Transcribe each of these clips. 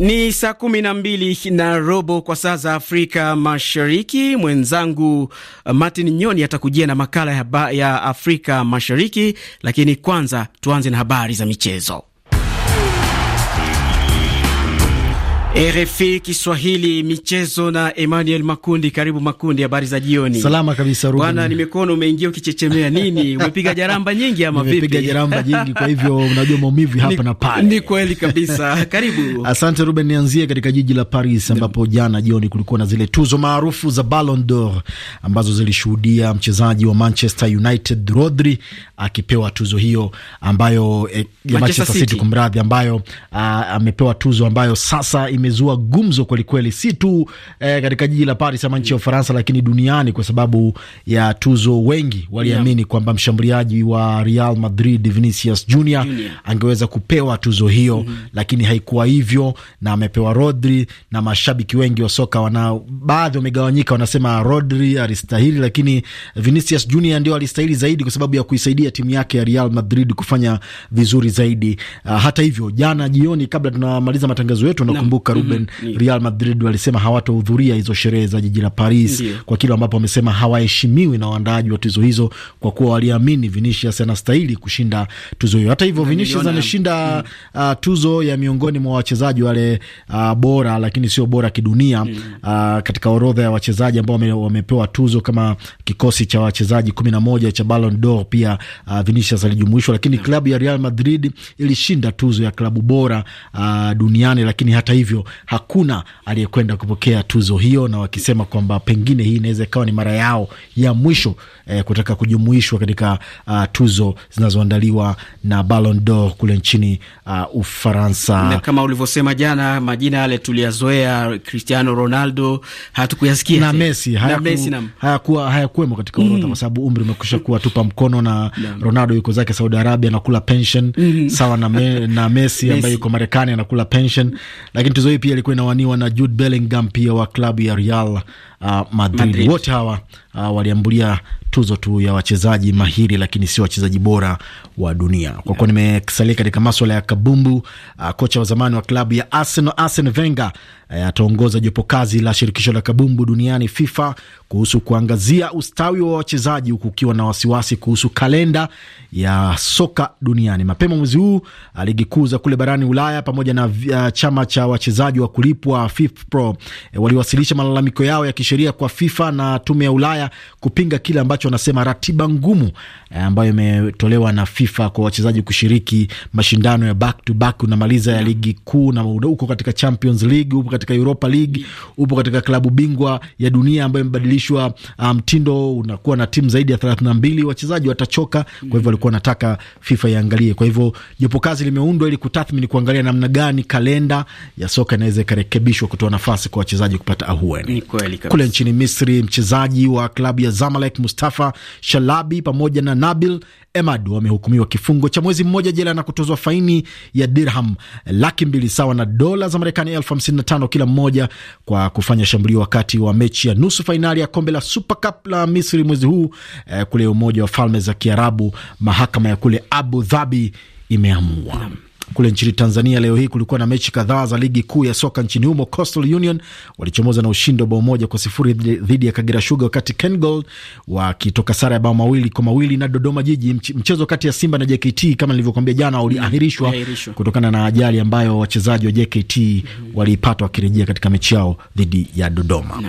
Ni, saa kumi na mbili na robo kwa saa za Afrika Mashariki. Mwenzangu uh, Martin Nyoni atakujia na makala ya, ya Afrika Mashariki, lakini kwanza tuanze na habari za michezo. RFI Kiswahili michezo na Emmanuel Makundi. Karibu Makundi, habari za jioni. Salama kabisa Ruben. Bwana, nimekuona umeingia ukichechemea nini? Umepiga jaramba nyingi ama vipi? Nimepiga jaramba nyingi, kwa hivyo unajua maumivu hapa na pale. Ni kweli kabisa. Karibu. Asante Ruben, nianzie katika jiji la Paris ambapo jana jioni kulikuwa na zile tuzo maarufu za Ballon d'Or ambazo zilishuhudia mchezaji wa Manchester United Rodri akipewa tuzo hiyo ambayo eh, Manchester City, City kumradhi, ambayo ah, amepewa tuzo ambayo sasa ime imezua gumzo kwelikweli, si tu eh, katika jiji la Paris ama nchi ya Ufaransa, lakini duniani kwa sababu ya tuzo. Wengi waliamini yeah, kwamba mshambuliaji wa Real Madrid Vinicius Junior, angeweza kupewa tuzo hiyo mm -hmm, lakini haikuwa hivyo na amepewa Rodri, na mashabiki wengi wa soka wana baadhi wamegawanyika, wanasema Rodri alistahili, lakini Vinicius Junior ndio alistahili zaidi kwa sababu ya kuisaidia timu yake ya Real Madrid kufanya vizuri zaidi. Uh, hata hivyo jana jioni kabla tunamaliza matangazo yetu, nakumbuka Ruben, mm -hmm. Real Madrid walisema hawatohudhuria hizo sherehe za jiji la Paris yeah. kwa kile ambapo wamesema hawaheshimiwi na waandaaji wa tuzo hizo kwa kuwa waliamini Vinicius anastahili kushinda tuzo hiyo. Hata hivyo Vinicius ameshinda mm. uh, tuzo ya miongoni mwa wachezaji wale uh, bora lakini sio bora kidunia mm. uh, katika orodha ya wachezaji ambao wame, wamepewa tuzo kama kikosi cha wachezaji kumi na moja cha Ballon d'Or pia uh, Vinicius alijumuishwa, lakini mm. klabu ya Real Madrid ilishinda tuzo ya klabu bora uh, duniani, lakini hata hivyo hakuna aliyekwenda kupokea tuzo hiyo, na wakisema kwamba pengine hii inaweza ikawa ni mara yao ya mwisho eh, kutaka kujumuishwa katika uh, tuzo zinazoandaliwa na Ballon d'Or kule nchini uh, Ufaransa. Na kama ulivyosema jana, majina yale tuliyazoea, Cristiano Ronaldo hatukuyasikia na Messi hayakuwemo hayaku, hayaku katika orodha mm, kwa sababu umri umekwisha kuwa tupa mkono na Naam. Ronaldo yuko zake Saudi Arabia anakula pension mm, sawa na, me, na Messi ambaye yuko Marekani anakula pension, lakini Michezo hii pia ilikuwa inawaniwa na Jude Bellingham pia wa klabu ya Real uh, Madrid. Wote hawa uh, waliambulia tuzo tu ya wachezaji mahiri lakini sio wachezaji bora wa dunia. Kwa kuwa nimesalia katika maswala ya kabumbu, uh, kocha wa zamani wa klabu ya Arsenal Arsene Wenger eh, ataongoza jopo kazi la shirikisho la kabumbu duniani FIFA kuhusu kuangazia ustawi wa wachezaji, huku ukiwa na wasiwasi kuhusu kalenda ya soka duniani. Mapema mwezi huu ah, ligi kuu za kule barani Ulaya pamoja na uh, chama cha wachezaji wa kulipwa FIFPro e, eh, waliwasilisha malalamiko yao ya kisheria kwa FIFA na tume ya Ulaya kupinga kile ambacho wanasema ratiba ngumu eh, ambayo imetolewa na FIFA kwa wachezaji kushiriki mashindano ya back to back. Unamaliza ya ligi kuu na uko katika Champions League, upo katika Europa League, upo katika klabu bingwa ya dunia ambayo imebadilishwa ah, mtindo, um, unakuwa na timu zaidi ya 32 wachezaji watachoka. Kwa hivyo walikuwa wanataka FIFA iangalie. Kwa hivyo jopo kazi limeundwa ili kutathmini, kuangalia namna gani kalenda ya soka inaweza ikarekebishwa kutoa nafasi kwa wachezaji kupata ahueni. Kule nchini Misri mchezaji wa klabu ya Zamalek Mustafa Shalabi pamoja na Nabil Emadu wamehukumiwa kifungo cha mwezi mmoja jela na kutozwa faini ya dirham laki mbili sawa na dola za Marekani elfu hamsini na tano kila mmoja kwa kufanya shambulio wakati wa mechi ya nusu fainali ya kombe la Super Cup la Misri mwezi huu eh, kule Umoja wa Falme za Kiarabu. Mahakama ya kule Abu Dhabi imeamua kule nchini Tanzania leo hii kulikuwa na mechi kadhaa za ligi kuu ya soka nchini humo. Coastal Union walichomoza na ushindi wa bao moja kwa sifuri dhidi ya Kagera Sugar, wakati KenGold wakitoka sare ya bao mawili kwa mawili na Dodoma Jiji. Mchezo kati ya Simba na JKT kama nilivyokwambia jana uliahirishwa kutokana na ajali ambayo wachezaji wa JKT walipata wakirejea katika mechi yao dhidi ya Dodoma.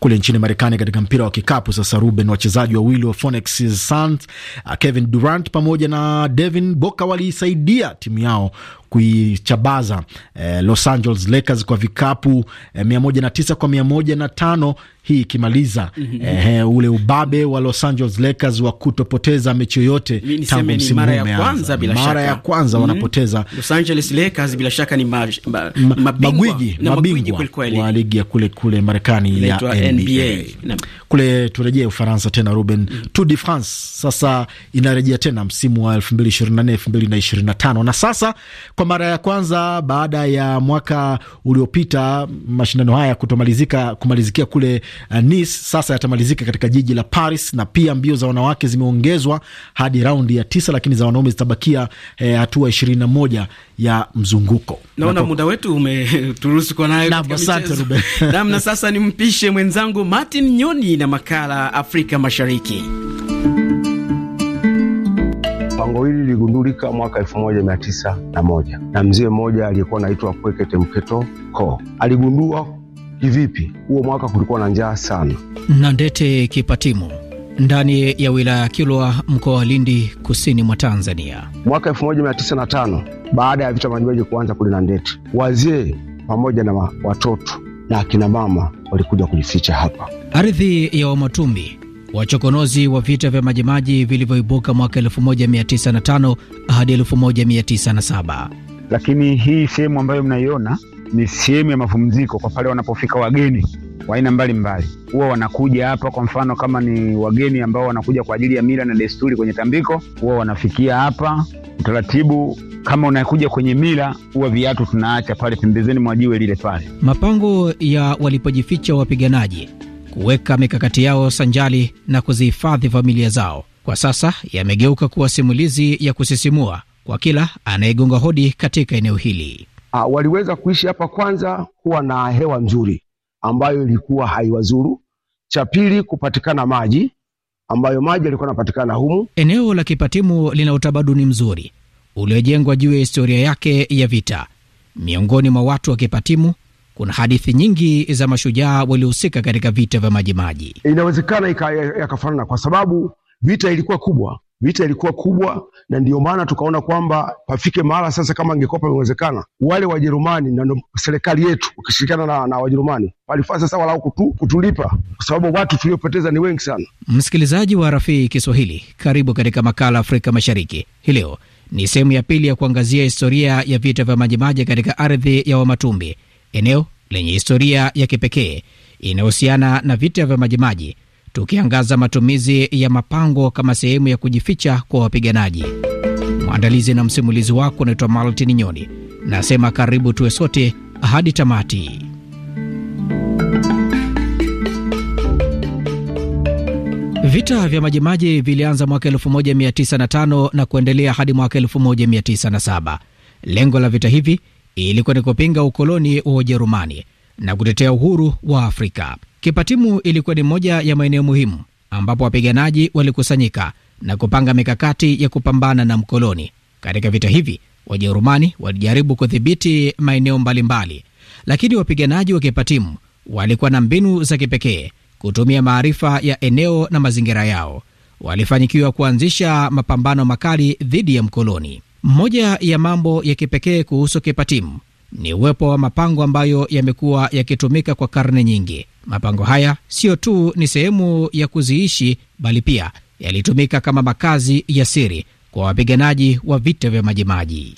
Kule nchini Marekani katika mpira wa kikapu sasa, Ruben, wachezaji wawili wa Phoenix Suns uh, Kevin Durant pamoja na Devin Boka waliisaidia timu yao kuichabaza eh, Los Angeles Lakers kwa vikapu eh, mia moja na tisa kwa mia moja na tano hii ikimaliza mm -hmm. eh, ule ubabe wa Los Angeles Lakers wa kutopoteza mechi yoyote tangu msimu mara ya kwanza, mara ya kwanza wanapoteza Los Angeles Lakers bila shaka ni ma, ma, ma, mabingwa, mabingwa, mabingwa wa ligi ya kule kule Marekani ya NBA. NBA. Kule turejee Ufaransa tena Ruben. Mm. Tour de France sasa inarejea tena msimu wa 2024 2025, na sasa kwa mara ya kwanza baada ya mwaka uliopita mashindano haya kutomalizika kumalizikia kule uh, Nice, sasa yatamalizika katika jiji la Paris, na pia mbio za wanawake zimeongezwa hadi raundi ya tisa, lakini za wanaume zitabakia eh, hatua eh, 21 ya mzunguko. Naona muda wetu umeturuhusu kwa nayo na, na sasa nimpishe mwenza mwenzangu Martin Nyoni na makala Afrika Mashariki. Pango hili liligundulika mwaka elfu moja mia tisa na moja na mzee mmoja aliyekuwa anaitwa Pwekete Mketo Ko. Aligundua kivipi? Huo mwaka kulikuwa na njaa sana. na Ndete Kipatimo ndani ya wilaya ya Kilwa mkoa wa Lindi kusini mwa Tanzania mwaka tano baada ya vita majimaji kuanza kule nandete wazee pamoja na watoto na akina mama walikuja kujificha hapa. Ardhi ya Wamatumbi, wachokonozi wa vita vya Majimaji vilivyoibuka mwaka 1905 hadi 1907. Lakini hii sehemu ambayo mnaiona ni sehemu ya mapumziko kwa pale wanapofika wageni wa aina mbalimbali huwa wanakuja hapa. Kwa mfano kama ni wageni ambao wanakuja kwa ajili ya mila na desturi kwenye tambiko, huwa wanafikia hapa. Utaratibu kama unakuja kwenye mila, huwa viatu tunaacha pale pembezeni mwa jiwe lile pale. Mapango ya walipojificha wapiganaji kuweka mikakati yao sanjali na kuzihifadhi familia zao, kwa sasa yamegeuka kuwa simulizi ya kusisimua kwa kila anayegonga hodi katika eneo hili. ha, ah, waliweza kuishi hapa kwanza, kuwa na hewa nzuri ambayo ilikuwa haiwazuru. Cha pili, kupatikana maji ambayo maji yalikuwa yanapatikana humu. Eneo la Kipatimu lina utamaduni mzuri uliojengwa juu ya historia yake ya vita. Miongoni mwa watu wa Kipatimu kuna hadithi nyingi za mashujaa waliohusika katika vita vya Majimaji. Inawezekana yakafanana, kwa sababu vita ilikuwa kubwa Vita ilikuwa kubwa, na ndio maana tukaona kwamba pafike mahala sasa, kama ingekuwa pamewezekana, wale Wajerumani na serikali yetu wakishirikiana na, na Wajerumani walifaa sasa walau kutu, kutulipa kwa sababu watu tuliopoteza ni wengi sana. Msikilizaji wa Rafii Kiswahili, karibu katika makala Afrika Mashariki hii leo. Ni sehemu ya pili ya kuangazia historia ya vita vya Majimaji katika ardhi ya Wamatumbi, eneo lenye historia ya kipekee inayohusiana na vita vya Majimaji tukiangaza matumizi ya mapango kama sehemu ya kujificha kwa wapiganaji. Mwandalizi na msimulizi wako unaitwa Martin Nyoni, nasema karibu tuwe sote hadi tamati. Vita vya Majimaji vilianza mwaka 1905 na kuendelea hadi mwaka 1907. Lengo la vita hivi ilikuwa ni kupinga ukoloni wa Ujerumani na kutetea uhuru wa Afrika. Kipatimu ilikuwa ni moja ya maeneo muhimu ambapo wapiganaji walikusanyika na kupanga mikakati ya kupambana na mkoloni. Katika vita hivi, Wajerumani walijaribu kudhibiti maeneo mbalimbali, lakini wapiganaji wa Kipatimu walikuwa na mbinu za kipekee kutumia maarifa ya eneo na mazingira yao. Walifanikiwa kuanzisha mapambano makali dhidi ya mkoloni. Mmoja ya mambo ya kipekee kuhusu Kipatimu ni uwepo wa mapango ambayo yamekuwa yakitumika kwa karne nyingi. Mapango haya sio tu ni sehemu ya kuziishi, bali pia yalitumika kama makazi ya siri kwa wapiganaji wa vita vya Majimaji.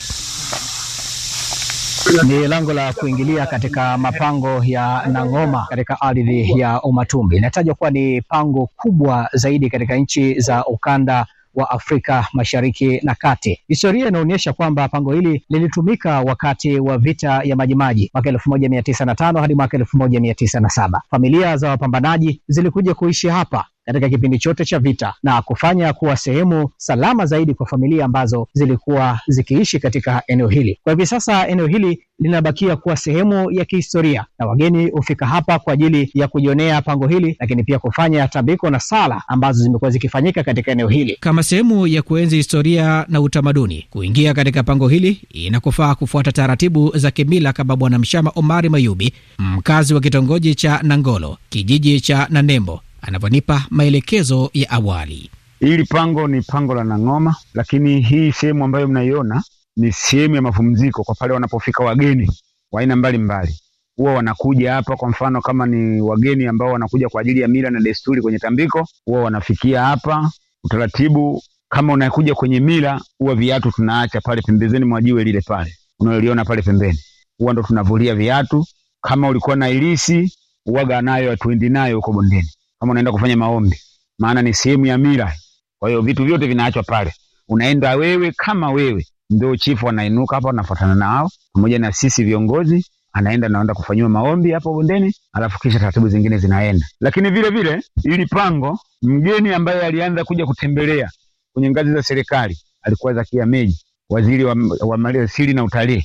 Ni lango la kuingilia katika mapango ya Nang'oma katika ardhi ya Umatumbi. Inatajwa kuwa ni pango kubwa zaidi katika nchi za ukanda wa Afrika Mashariki na Kati. Historia inaonyesha kwamba pango hili lilitumika wakati wa vita ya Majimaji mwaka elfu moja mia tisa na tano hadi mwaka elfu moja mia tisa na saba. Familia za wapambanaji zilikuja kuishi hapa katika kipindi chote cha vita na kufanya kuwa sehemu salama zaidi kwa familia ambazo zilikuwa zikiishi katika eneo hili. Kwa hivi sasa eneo hili linabakia kuwa sehemu ya kihistoria na wageni hufika hapa kwa ajili ya kujionea pango hili, lakini pia kufanya tambiko na sala ambazo zimekuwa zikifanyika katika eneo hili kama sehemu ya kuenzi historia na utamaduni. Kuingia katika pango hili inakufaa kufuata taratibu za kimila, kama Bwana Mshama Omari Mayubi, mkazi wa kitongoji cha Nangolo, kijiji cha Nanembo anavyonipa maelekezo ya awali. Hili pango ni pango la Nang'oma, lakini hii sehemu ambayo mnaiona ni sehemu ya mapumziko kwa pale wanapofika wageni wa aina mbalimbali. Huwa wanakuja hapa, kwa mfano kama ni wageni ambao wanakuja kwa ajili ya mila na desturi kwenye tambiko, huwa wanafikia hapa. Utaratibu kama unakuja kwenye mila, huwa viatu tunaacha pale pembezeni mwa jiwe lile pale unaloliona pale pembeni, huwa ndo tunavulia viatu. Kama ulikuwa na ilisi, huwaga nayo atuendi nayo huko bondeni kama unaenda kufanya maombi, maana ni sehemu ya mila. Kwa hiyo vitu vyote vinaachwa pale, unaenda wewe kama wewe. Ndio chifu anainuka hapo, anafuatana nao pamoja na sisi viongozi, anaenda naenda kufanyiwa maombi hapo bondeni, alafu kisha taratibu zingine zinaenda. Lakini vile vile ili pango, mgeni ambaye alianza kuja kutembelea kwenye ngazi za serikali alikuwa Zakia Meji, waziri wa, wa maliasili na utalii,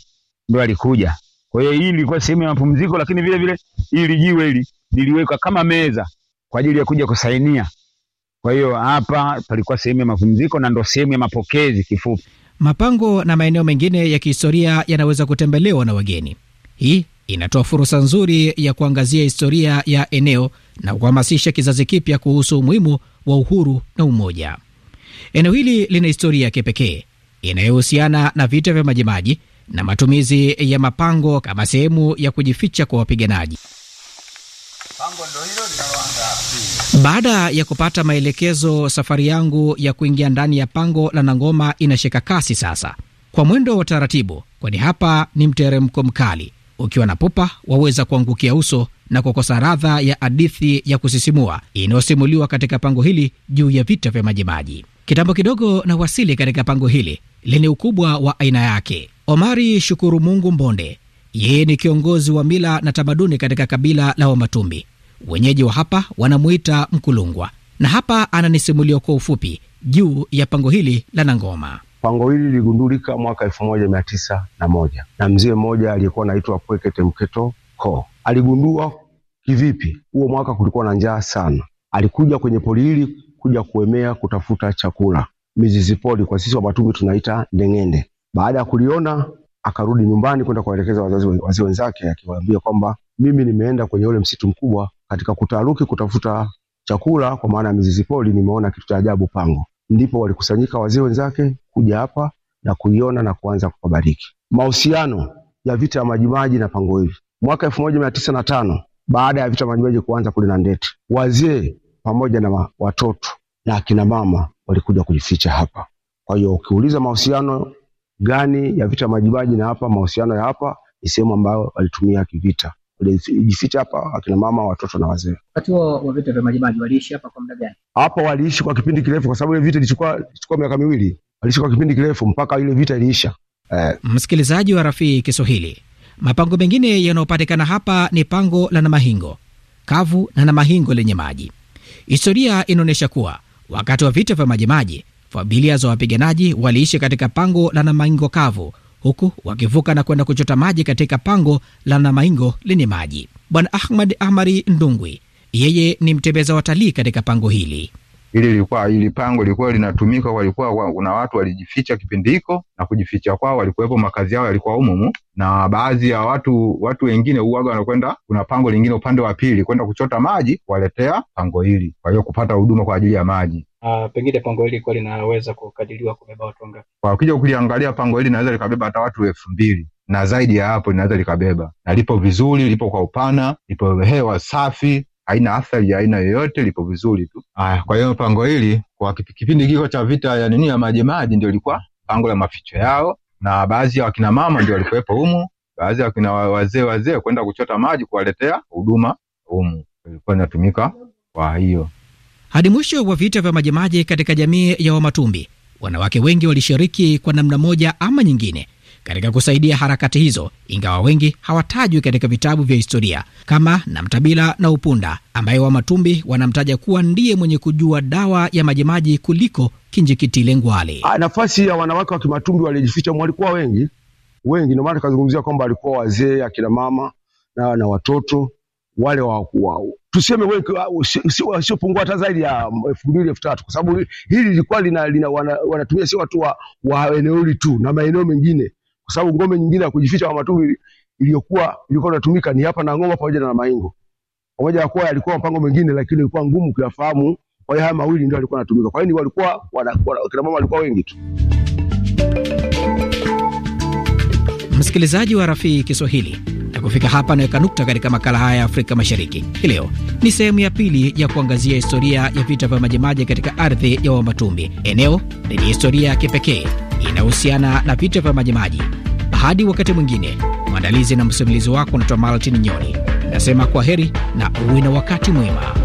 ndio alikuja. Kwa hiyo hii ilikuwa sehemu ya mapumziko, lakini vile vile ili jiwe hili liliwekwa kama meza kwa ajili ya kuja kusainia. Kwa hiyo hapa palikuwa sehemu ya mapumziko na ndo sehemu ya mapokezi kifupi. Mapango na maeneo mengine ya kihistoria yanaweza kutembelewa na wageni. Hii inatoa fursa nzuri ya kuangazia historia ya eneo na kuhamasisha kizazi kipya kuhusu umuhimu wa uhuru na umoja. Eneo hili lina historia ya kipekee inayohusiana na vita vya Majimaji na matumizi ya mapango kama sehemu ya kujificha kwa wapiganaji. Pango ndo hilo baada ya kupata maelekezo, safari yangu ya kuingia ndani ya pango la Nangoma inashika kasi sasa, kwa mwendo wa taratibu, kwani hapa ni mteremko mkali. Ukiwa na pupa waweza kuangukia uso na kukosa radha ya hadithi ya kusisimua inayosimuliwa katika pango hili juu ya vita vya Majimaji. Kitambo kidogo na wasili katika pango hili lenye ukubwa wa aina yake. Omari Shukuru Mungu Mbonde, yeye ni kiongozi wa mila na tamaduni katika kabila la Wamatumbi. Wenyeji wa hapa wanamuita Mkulungwa, na hapa ananisimulia kwa ufupi juu ya pango hili la Nangoma. Pango hili liligundulika mwaka elfu moja mia tisa na moja na mzee mmoja aliyekuwa anaitwa Pwekete Mketo Ko. Aligundua kivipi? Huo mwaka kulikuwa na njaa sana, alikuja kwenye poli hili kuja kuemea kutafuta chakula, mizizi poli kwa sisi Wabatumi tunaita ndeng'ende. Baada ya kuliona akarudi nyumbani kwenda kuwaelekeza wazazi wazee wenzake, akiwaambia kwamba mimi nimeenda kwenye ule msitu mkubwa katika kutaruki kutafuta chakula kwa maana ya mizizi pori, nimeona kitu cha ajabu pango. Ndipo walikusanyika wazee wenzake kuja hapa na kuiona na kuanza kupabariki. Mahusiano ya vita ya Majimaji na pango hivi, mwaka elfu moja mia tisa na tano baada ya vita Majimaji kuanza kule na Ndeti, wazee pamoja na watoto na akina mama walikuja kujificha hapa. Kwa hiyo ukiuliza mahusiano gani ya vita Majimaji na hapa, mahusiano ya hapa ni sehemu ambayo walitumia kivita walijificha hapa akina mama, watoto na wazee. Wakati wa vita vya Majimaji waliishi hapa kwa muda gani? Hapa waliishi kwa kipindi kirefu, kwa sababu ile vita ilichukua ilichukua miaka miwili, waliishi kwa kipindi kirefu mpaka ile vita iliisha. Eh. Msikilizaji wa rafiki Kiswahili, mapango mengine yanayopatikana hapa ni pango la Namahingo kavu na Namahingo lenye maji. Historia inaonyesha kuwa wakati wa vita vya Majimaji familia za wapiganaji waliishi katika pango la Namahingo kavu huku wakivuka na kwenda kuchota maji katika pango la Namaingo lenye maji. Bwana Ahmad amari Ndungwi, yeye ni mtembeza watalii katika pango hili ili ilikuwa ili pango lilikuwa linatumika, walikuwa kuna watu walijificha kipindi hiko, na kujificha kwao walikuwepo, makazi yao yalikuwa umumu, na baadhi ya watu watu wengine uwaga wanakwenda, kuna pango lingine upande wa pili kwenda kuchota maji, waletea pango hili, kwa hiyo kupata huduma kwa ajili ya maji. Uh, pengine pango hili lilikuwa linaweza kukadiriwa kubeba watu wangapi? Kwa ukija kuliangalia pango hili linaweza likabeba hata watu elfu mbili na zaidi ya hapo linaweza likabeba, na lipo vizuri, lipo kwa upana, lipo hewa safi haina athari ya aina yoyote, lipo vizuri tu. Haya, kwa hiyo pango hili kwa kipindi kiko cha vita ya nini ya Majimaji ndio ilikuwa pango la maficho yao, na baadhi ya wakina mama ndio walikuwepo humu, baadhi ya wakina wazee wazee kwenda kuchota maji kuwaletea huduma humu, ilikuwa inatumika kwa hiyo hadi mwisho wa vita vya Majimaji katika jamii ya Wamatumbi, wanawake wengi walishiriki kwa namna moja ama nyingine katika kusaidia harakati hizo, ingawa wengi hawatajwi katika vitabu vya historia kama Namtabila na Upunda ambaye Wamatumbi wanamtaja kuwa ndiye mwenye kujua dawa ya majimaji kuliko Kinjikitile Ngwale. Ah, nafasi ya wanawake wa Kimatumbi walijificha, walikuwa wengi wengi, ndio maana tukazungumzia kwamba walikuwa wazee, akina mama na, na watoto wale wa tuseme wasiopungua ah, hata zaidi ya elfu mbili elfu tatu kwa sababu hili lilikuwa lina, lina, wana, wanatumia sio watu wa, wa eneo hili tu na maeneo mengine kwa sababu ngome nyingine ya kujificha kwa matumbi iliyokuwa ilikuwa inatumika ni hapa na ngoma pamoja na maingo, pamoja na kuwa yalikuwa mpango mwingine, lakini ilikuwa ngumu kuyafahamu. Kwa hiyo haya mawili ndio yalikuwa yanatumika. Kwa hiyo walikuwa kina mama walikuwa wengi tu. Msikilizaji wa Rafii Kiswahili, na kufika hapa naweka nukta katika makala haya ya Afrika Mashariki hii leo. Ni sehemu ya pili ya kuangazia historia ya vita vya Majimaji katika ardhi ya Wamatumbi. Eneo lenye historia ya kipekee yanayohusiana na vita vya Majimaji. Hadi wakati mwingine, mwandalizi na msimulizi wako unaitwa Maltin Nyoni, nasema kwa heri na uwe na wakati mwema.